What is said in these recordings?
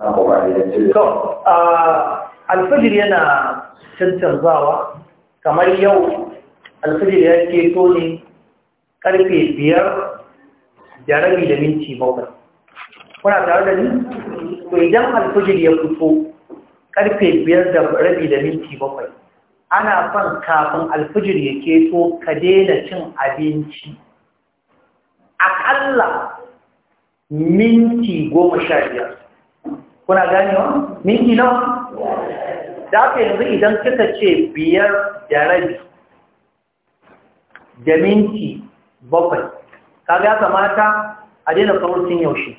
to alfajir yana cancanzawa kamar yau alfajir ya ke ne karfe biyar da rabi da minti bakwai kuna tare da ni to idan alfajir ya fito karfe biyar da rabi da minti bakwai ana son kafin alfijir ya keto ka daina cin abinci aƙalla minti goma sha biyar kuna ganewa miki nawa da aka yanzu idan kika ce biyar da rabi da minti bakwai kaga ya kamata a daina saurin yaushe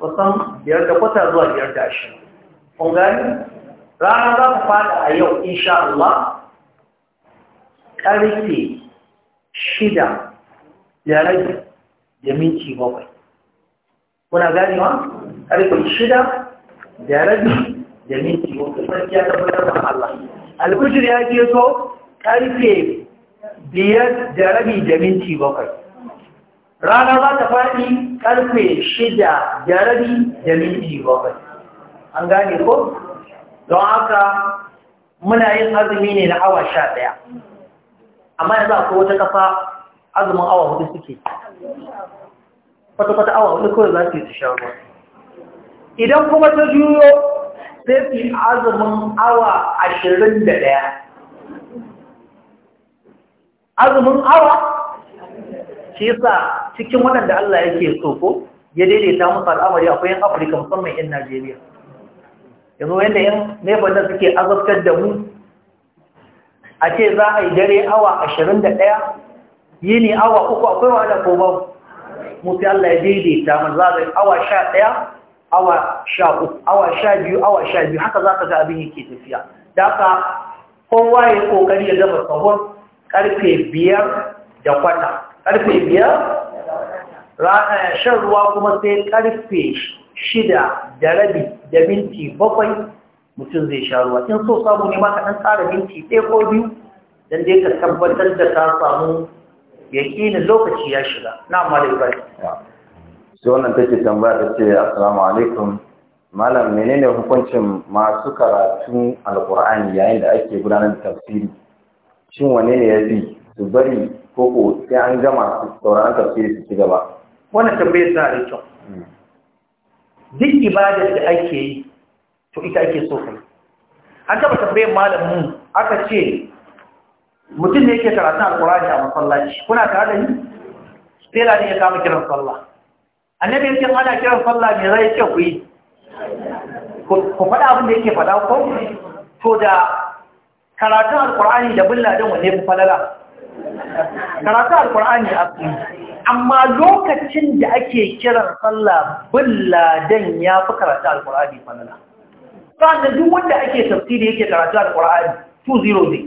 kusan biyar da kwata zuwa biyar da shi kun gani rana za ku fada a yau insha Allah ƙarfe shida da rabi da minti bakwai kuna ganewa karfe shida da rabi da minti wata sarki ya tabbata da Allah al-bujri ya ke so karfe biyar da rabi da minti bakwai rana za ta faɗi karfe shida da rabi da minti bakwai an gane ko don haka muna yin azumi ne na awa sha ɗaya amma yanzu akwai wata kafa azumin awa hudu suke kwata-kwata awa wani kawai za su yi sha ruwa idan kuma ta juyo sai fi azumin awa ashirin da daya. azumin awa shi yasa cikin waɗanda Allah yake so ko ya daidaita musu al'amari akwai yin afirka musamman yan najeriya yanzu yadda yan da suke azabtar da mu a ce za a yi dare awa ashirin da daya. yini awa uku akwai wahala ko babu mu Allah ya daidaita mana za awa 11 awa 13 awa 12 awa 12 haka za ka ga abin yake tafiya da kowa ya kokari ya dafa sahur karfe 5 da kwata karfe 5 shan ruwa kuma sai karfe shida da rabi da minti bakwai mutum zai sha ruwa in so samu ne maka ɗan tsara minti ɗaya ko biyu don dai ka tabbatar da ka samu yakinin lokaci ya shiga na malai bai sai wannan take tambaya ta ce assalamu alaikum malam menene hukuncin masu karatun alkur'ani yayin da ake gudanar da tafsiri shin wane ne ya fi su bari ko ko sai an gama su sauraron tafsiri su ci gaba wannan tambayar ta da kyau hmm. duk ibadar da ake yi to ita ake so kai an taba tambayar mu aka ce mutum ne yake karatun alkur'ani a masallaci kuna tare da ni tela ne ya kama kiran sallah annabi yake ce ana kiran sallah me zai ce ku yi ku faɗa abin da yake faɗa ko to da karatun alkur'ani da bin ladan wanne ku falala karatun alkur'ani a su amma lokacin da ake kiran sallah bin ladan ya fi karatun alkur'ani falala da duk wanda ake tafsiri yake karatun alkur'ani 2 0 zai.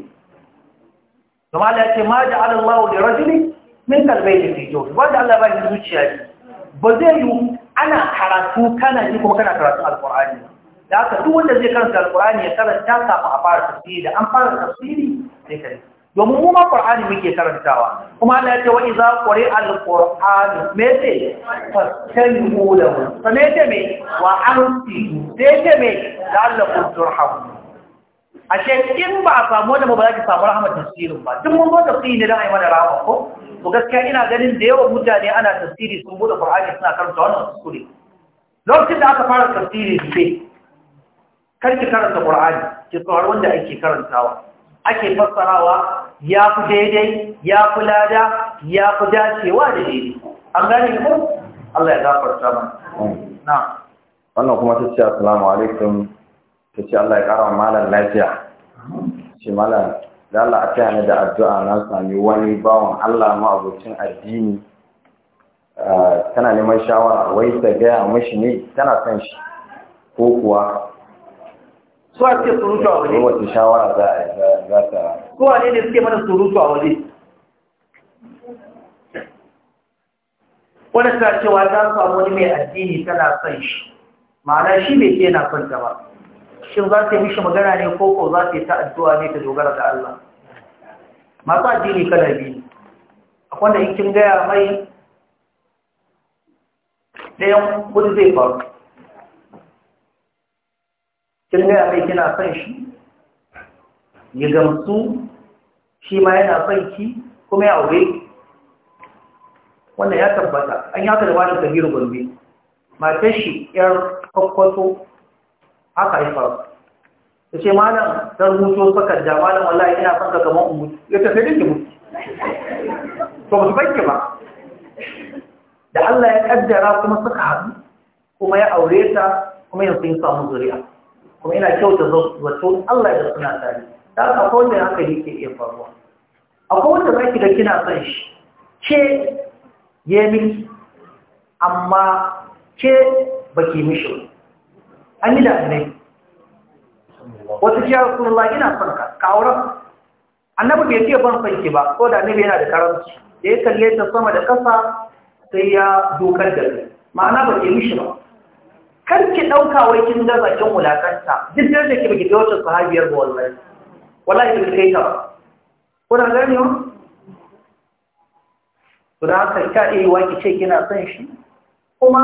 Zama da ya ce, Ma ja'alallahu da rajulin min kalbai da fi kyau wanda Allah ba shi zuciya ne ba zai yi ana karatu kana ji kuma kana karatu alkur'ani da haka duk wanda zai karanta alkur'ani ya karanta kafin a fara tafsiri da an fara tafsiri sai kare domin mu ma qur'ani muke karantawa kuma Allah ya ce wa idza quri al-qur'anu me ce fastajibu lahu fa me ce me wa ansidu sai ce me la'allakum turhamun ashe in ba a samu wanda ba za ki samu rahmat tafsirin ba duk mun zo tafsiri ne dan ayi mana rahama ko Ku gaskiya ina ganin da yawan mutane ana tafsiri sun buɗe Qur'ani suna karanta wannan kuskure lokacin da aka fara tafsiri sai kar ki karanta Qur'ani ki tsawar wanda ake karantawa ake fassarawa ya fi daidai ya fi lada ya fi dacewa da daidai an gane ku Allah ya gafarta mana na wannan kuma ta ce assalamu alaikum ta ce Allah ya kara malam lafiya ce malam da Allah a tayana da addu'a na sami wani bawan Allah ma abocin addini tana neman shawara wai ta gaya mashi ne tana son shi ko kuwa su a suke surutu a waje wata shawara za ta su a ne ne suke mana surutu a waje wadda ta cewa ta samu wani mai addini tana son shi ma'ana shi mai ke na son ta ba shin za ta yi mishi magana ne ko ko za ta yi ta addu'a ne ta dogara da Allah masu addini kala biyu akwai da in kin gaya mai ɗayan gudu zai faru kin gaya mai kina son shi ya gamsu shi ma yana son ki kuma ya aure wannan ya tabbata an yi da wani kabiru gombe matar shi yar kwakwato haka ya faru ta ce malam ta rubuto takarda malam wallahi ina son ka kamar in mutu ya tafi da mutu to ba su banki ba da Allah ya kaddara kuma suka haɗu kuma ya aure ta kuma yanzu sun samun zuri'a kuma ina kyauta zato Allah ya suna tare da haka akwai wanda haka yake iya faruwa akwai wanda za ki ga kina son shi ke ya miki amma ke baki mishi an yi damurai wasu shi ya kuma ina son ka ka auren annabi bai ce ban fanki ba ko da annabi yana da karanci da ya kalle ta sama da ƙasa sai ya dokar da kai ma'ana ba ke mishi ba kar ki ɗauka wai kin ga bakin wulakanta duk da yake baki ta wata sahabiyar ba wallahi wallahi kin kai ta ba kuna gani wa to da haka ka iya wa ki ce kina son shi kuma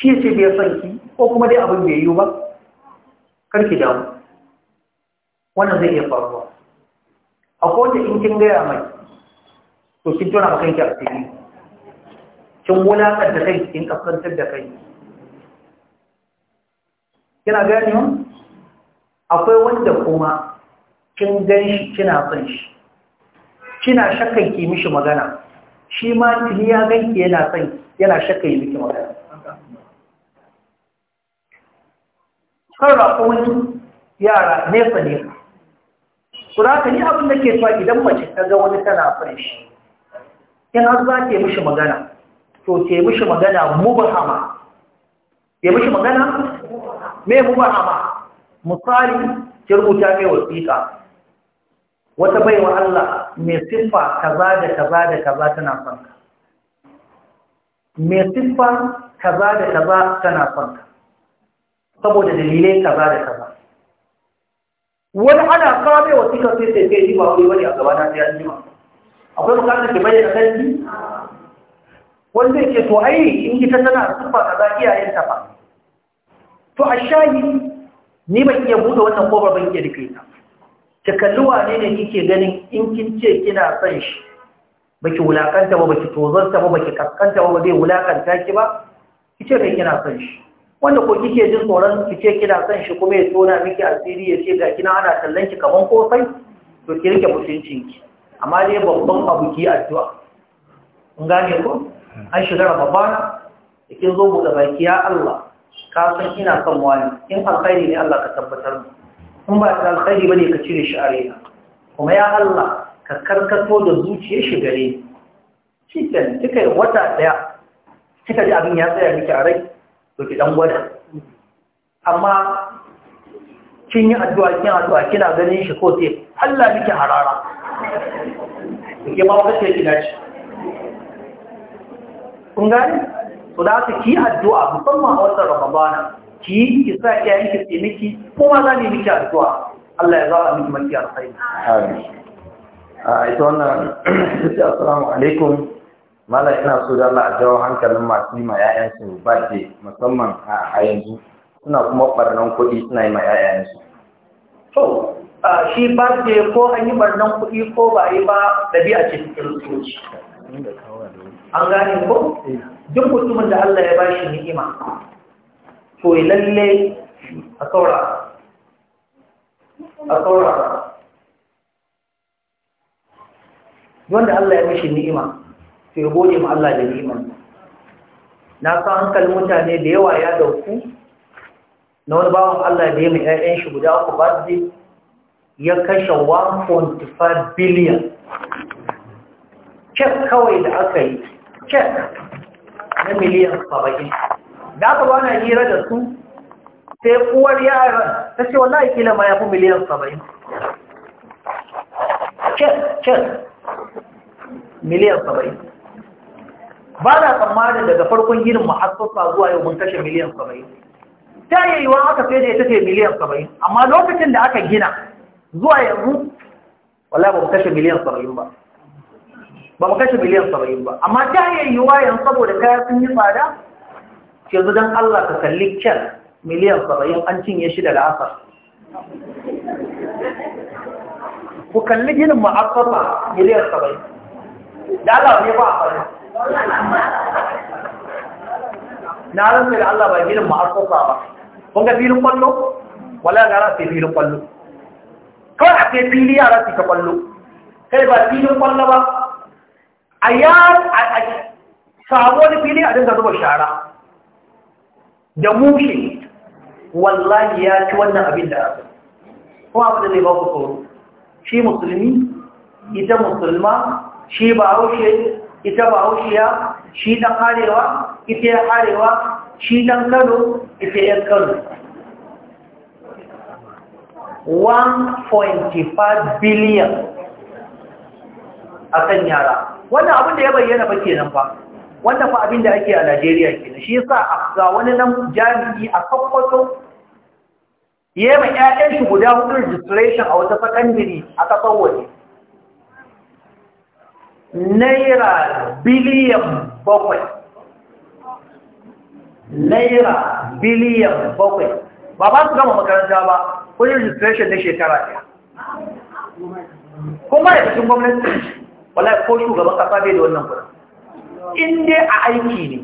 shi ya ce bai son ki ko kuma dai abin bai yiwu ba karki damu wannan zai iya faruwa akwai wanda in kin gaya mai to kin tona maka ki a cikin kin wulaƙar da kai kin kaskantar da kai kina gani wa akwai wanda kuma kin gan shi kina son shi kina shakkan ki mishi magana shi ma kin ya ganki yana son yana shakkan yi miki magana kan kowani yara nesa ne ku za ka yi abin da ke faɗi idan mace ta ga wani tana son shi in har za ke mishi magana to ke mishi magana mubahama ke mishi magana me mubahama misali ki rubuta mai wasiƙa wata baiwa Allah mai siffa kaza da kaza da kaza tana fanka mai siffa kaza da kaza tana fanka saboda dalilai kaza da kaza wani ana kame wa cikin sai sai sai jima wani wani a gaba na sai an jima akwai bukatar da bayyana kanki wani zai ce to ai in ita tana sufa kaza iyayenta ba to a shayi ni ban iya buɗe wannan kofar ban iya rufe ta ta kalli wane ne kike ganin in kin ce kina son shi baki wulakanta ba baki tozarta ba baki kaskanta ba ba zai wulakanta ki ba Ki ce kai kina son shi wanda ko kike jin tsoron ki ce kina son shi kuma ya tona miki asiri ya ce ga kina ana kallon ki kaman kofai to ki rike mutuncin ki amma dai babban abu ki addu'a kun gane ko an shiga Ramadan da kin zo buɗe baki ya Allah ka san ina son wani in alkhairi ne Allah ka tabbatar mu in ba ta alkhairi bane ka cire shi a raina kuma ya Allah ka karkato da zuciyar shi gare ni shi kenan kika wata daya kika ji abin ya tsaya miki a rai to ɗan dan gwada amma kin yi addu'a kin addu'a kina ganin shi ko sai Allah miki harara ke ma wata ce kina ci kun gani to da ka ki addu'a musamman a watan Ramadana ki yi, ki sa iyayen ki sai miki ko ma za ni miki addu'a Allah ya zaba miki mafi alkhairi amin a ah, ita wannan assalamu alaikum malam ina so da Allah a jawo hankalin masu yi ma ƴaƴansu ba ke musamman a yanzu suna kuma ɓarnan kuɗi suna yi ma ƴaƴansu to shi ba ke ko an yi ɓarnan kuɗi ko ba yi ba ɗabi'a ce kiristoci an gane ko duk mutumin da Allah ya bashi ni'ima to lalle a saura. a saura. wanda Allah ya mishi ni'ima sai gode ma Allah da liman na san hankali mutane da yawa ya dauku na wani bawan Allah da ya mai ƴaƴan shi guda uku ba zai ya kashe 1.5 billion cek kawai da aka yi cek na miliyan 70 da aka ba na hira da su sai uwar yaran ta ce wallahi kila ma ya fi miliyan 70 cek cek miliyan 70 ba na tsammanin daga farkon ginin mahassasa zuwa yau mun kashe miliyan saba'in ta yi wa aka fiye da ita ce miliyan saba'in amma lokacin da aka gina zuwa yanzu wala ba mu kashe miliyan saba'in ba ba mu kashe miliyan saba'in ba amma ta yi wa yanzu saboda kaya sun yi tsada ke don allah ka kalli kyan miliyan saba'in an cinye shi da la'asar ku kalli ginin ma'asasa miliyan saba'in da allah ne ba a faru na rantsa da Allah ba ginin ma'asasa ba kun ga filin kwallo wala gara sai filin kwallo kawai a kai fili yara su ta kwallo kai ba filin kwallo ba a ya samu wani fili a dinka zuba shara da mushe wallahi ya ci wannan abin da rasu kuma abin da zai ba ku tsoro shi musulmi ita musulma shi ba haushe ita bahaushiya shi dan arewa ita ya arewa shi dan kano ita ya kano 1.5 billion a kan yara wannan abin da ya bayyana ba ke nan ba wannan fa abin da ake a Najeriya ke nan, shi yasa ga wani nan jami'i a Sokoto ya ma ƴaƴan shi guda hudu registration a wata fakandiri a kasar waje naira biliyan bakwai naira biliyan bakwai ba ba su gama makaranta ba kudin registration na shekara ɗaya kuma da cikin gwamnati wala ko shugaban kasa bai da wannan kudin in dai a aiki ne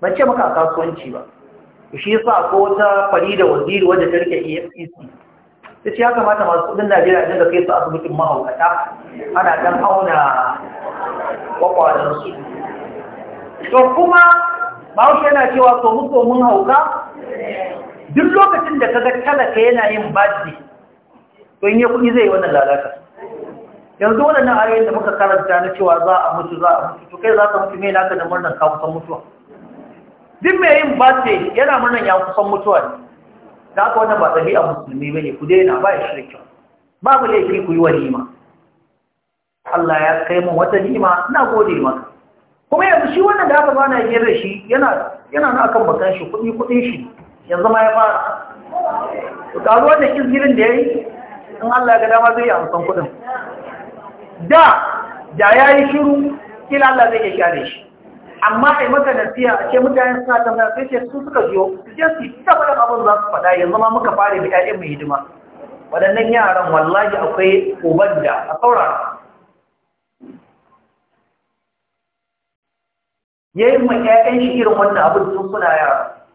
ban ce maka kasuwanci ba shi sa ko ta fari da waziri wadda ta rike efcc ta ce ya kamata masu kudin najeriya idan da kai su asibitin mahaukata ana ɗan auna kwakwalansu to kuma bahaushe yana cewa so muso mun hauka duk lokacin da ka ga talaka yana yin baji to in yi kuɗi zai yi wannan lalata yanzu waɗannan ayoyin da muka karanta na cewa za a mutu za a mutu to kai za ka mutu mai naka da murnar ka kusan mutuwa duk mai yin baji yana murnan ya kusan mutuwa ne da aka wannan ba a musulmi bane ku daina ba ya shirkin babu laifi ku yi walima Allah ya kai mun wata nima ina gode maka kuma yanzu shi wannan da aka bana yin da shi yana yana na akan bakan shi kuɗi kuɗin shi yanzu ma ya fara ku tazo wannan izgirin da yayi in Allah ya ga dama zai yi amsan kuɗin da da yayi shiru kila Allah zai iya share shi amma ai maka nasiya a ce mutane suna tambaya sai ce su suka biyo. su je su ta faɗin abin za su faɗa yanzu ma muka fara da ƴaƴan mai hidima waɗannan yaran wallahi akwai uban da a saurara ya yi ma ƴaƴan shi irin wannan abin sun suna yara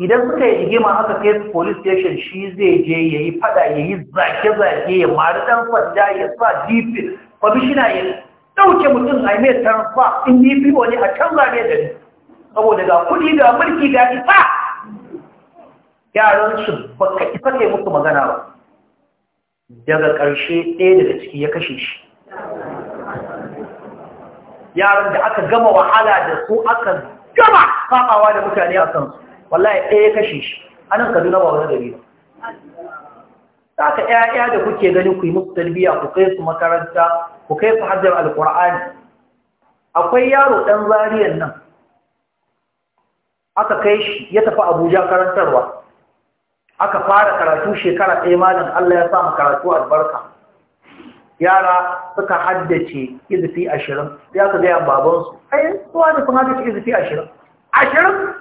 idan suka yi rigima aka kai su police station shi zai je ya yi faɗa ya yi zage-zage ya mari ɗan sanda ya sa jifin kwamishina ya ɗauke mutum a mai tarfa in ni fi wani a canza mai da ni saboda ga kuɗi ga mulki ga isa yaran su ba ka isa kai musu magana ba daga ƙarshe ɗaya daga ciki ya kashe shi yaran da aka gama wahala da su aka gama kamawa da mutane a kansu wallahi ɗaya ya kashe shi anan kaduna ba wani gari ba ka ‘ya'ya da kuke ganin ku yi musu talbiya ku kai su makaranta ku kai su hajjar alƙur'ani akwai yaro ɗan zariyan nan aka kai shi ya tafi abuja karantarwa aka fara karatu shekara ɗaya malin allah ya samu karatu albarka yara suka haddace izifi ashirin ya su gaya babansu ai suwa da sun haddace izifi ashirin ashirin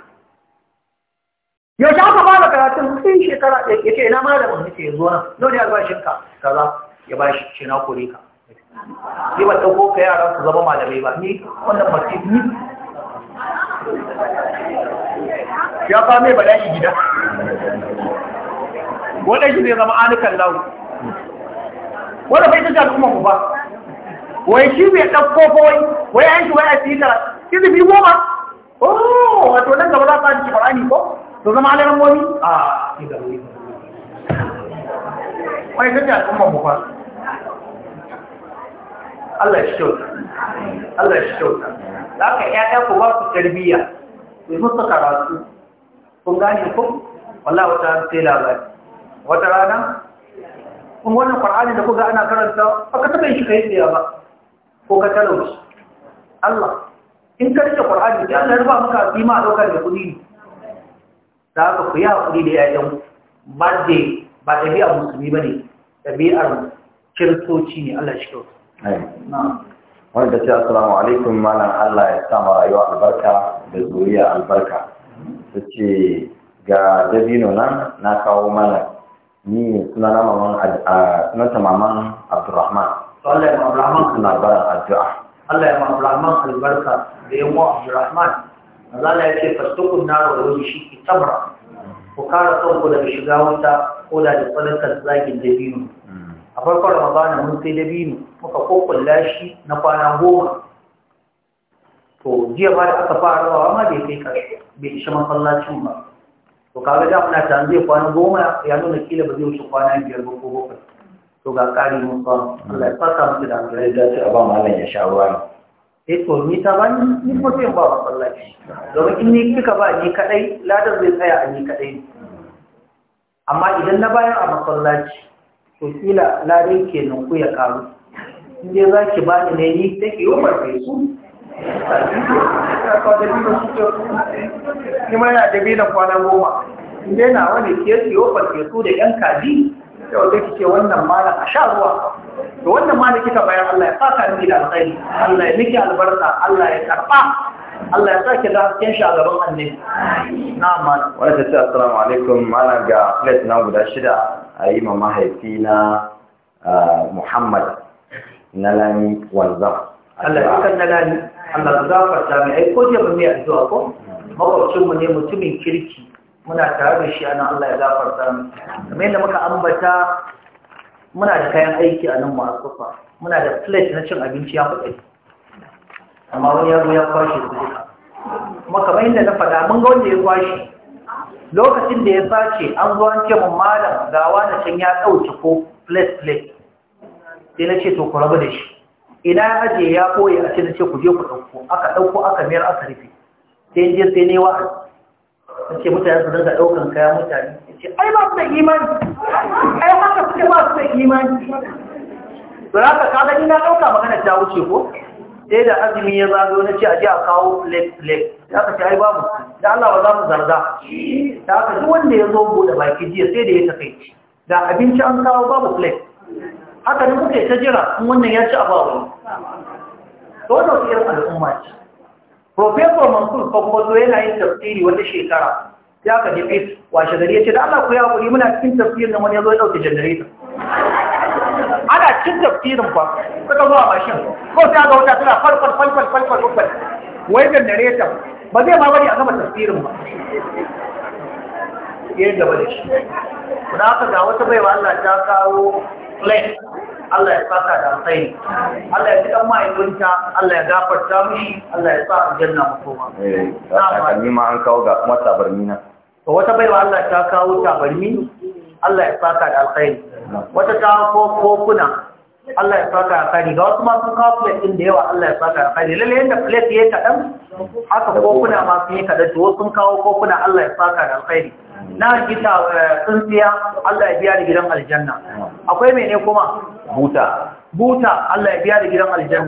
yaushe aka fara karatun sai shekara ɗaya ya ce ina malamin nake zuwa nan nau ne albashinka kaza ya bashi shi na kore ka ni ɗauko ka yara su zama malamai ba ni wannan masu ni ya fa mai bala'i gida wadda shi ne zama anukan lau wadda bai tashi kuma ku ba wai shi bai ɗauko kawai wai an shi wai a tsita izini goma oh wato nan gaba za ka ji farani ko to zama alaran momi a ah, wai tashi kuma mu ba Allah shi kyauta Allah shi kyauta za ka ƴaƴa ku ba su tarbiyya ku yi musu karatu kun gane ku Wala wata rana sai labari wata rana kun wannan qur'ani da kuka ana karanta ba ka taɓa shi ka yi tsaye ba ko ka talauci Allah in ka rike qur'ani sai Allah ya rufa maka ma a daukar da kuɗi da haka ku yi haƙuri da ƴaƴan ba ba ɗabi'ar musulmi ba ne ɗabi'ar kiristoci ne Allah shi kyauta wanda ce asalamu alaikum malam Allah ya sama rayuwa albarka da zuriya albarka ta ce ga dabino nan na kawo malam ni suna na maman sunanta maman abdurrahman Allah ya ma abdurrahman suna barin addu'a Allah ya ma abdurrahman albarka da yawa abdurrahman Allah ya ce fastukun na rawar shi ki tabra ku kara kanku daga shiga wuta ko da da tsanantar zagin dabino a farkon ramadana mun sai dabino muka kokulla shi na kwana goma to jiya ba da aka fara rawa ma bai kai karshe bai isa masallacin ba to kaga da muna ta zai kwana goma ya nuna kila ba zai wuce kwana biyar ba ko bakwai to ga kari mun ba Allah ya fata musu da hankali da ce a ba mallan ya sha ruwa ne eh, to ni ta ba ni ni ko sai ba masallaci domin in ni kika ba ni kadai ladan zai tsaya a ni kadai amma idan na bayar a masallaci to kila ladan kenan ku ya karu in dai za ki bani ne ni take yi umar kai su ni ma yana da bilan kwana goma in dai na wani ke yi umar kai su da yan kaji yau da ke wannan malam a sha ruwa Da wannan malam kika bayan Allah ya faka miki da alkhairi Allah ya miki albarka Allah ya karba Allah ya sake da hasken shi a gaban annabi na malam wani ta ce assalamu alaikum malam ga plate na guda shida a yi ma mahaifi na muhammad na lami wanzan Allah ya kan na lami Allah ya sami mai Ko jiya ba a addu'a ko makwabcinmu ne mutumin kirki muna tare da shi ana Allah ya gafarta sami. kamar yadda muka ambata muna da kayan aiki a nan masu muna da plate na cin abinci ya kuɗi amma wani yaro ya kwashe su duka kuma kamar yadda na faɗa mun ga wanda ya kwashe lokacin da ya sace an zo an ce mun malam gawa na can ya ɗauki ko plate plate sai na ce to ku rabu da shi ina ya aje ya koya a ce na ce ku je ku ɗauko aka ɗauko aka mayar aka rufe sai je sai ne wa a ce mutane su dinga ɗaukan kaya mutane ya ce ai ba su da imani ai haka suke ba su da imani to haka ka gani ina ɗauka magana ta wuce ko sai da azumi ya zago na ce a je a kawo plate plate da aka ce ai babu da Allah ba za mu zarza. da aka duk wanda ya zo bude baki jiya sai da ya takaici da abinci an kawo babu filai. haka ne kuke ta jira in wannan ya ci a babu to wannan wasu irin al'umma ce professor mansur kwakwazo yana yin tafsiri wata shekara Ya aka je fit washe gari ya ce da Allah ku ya haƙuri muna cikin tafsirin nan wani ya zo ya ɗauke janareta ana cin tafsirin ba suka zuwa mashin ko sai aka wuta suna falfal falfal falfal falfal wai janareta ba zai ba bari a gama tasirin ba ya gaba da shi da haka ga wata baiwa Allah ta kawo plane Allah ya saka da sai Allah ya cikin ma'aikunta Allah ya gafarta mishi Allah ya sa aljanna makoma eh takalmi ma an kawo ga kuma tabarmi na to wata baiwa Allah ta kawo tabarmi Allah ya saka da alkhairi wata ta kawo kokuna Allah ya saka alkhairi ga wasu masu kawo ɗin da yawa Allah ya saka alkhairi lalle yadda plate yi kaɗan haka kokuna masu yi kaɗan to sun kawo kokuna Allah ya saka da alkhairi na gita eh, tsintsiya Allah ya biya da gidan aljanna akwai mene kuma buta buta Allah ya biya da gidan aljanna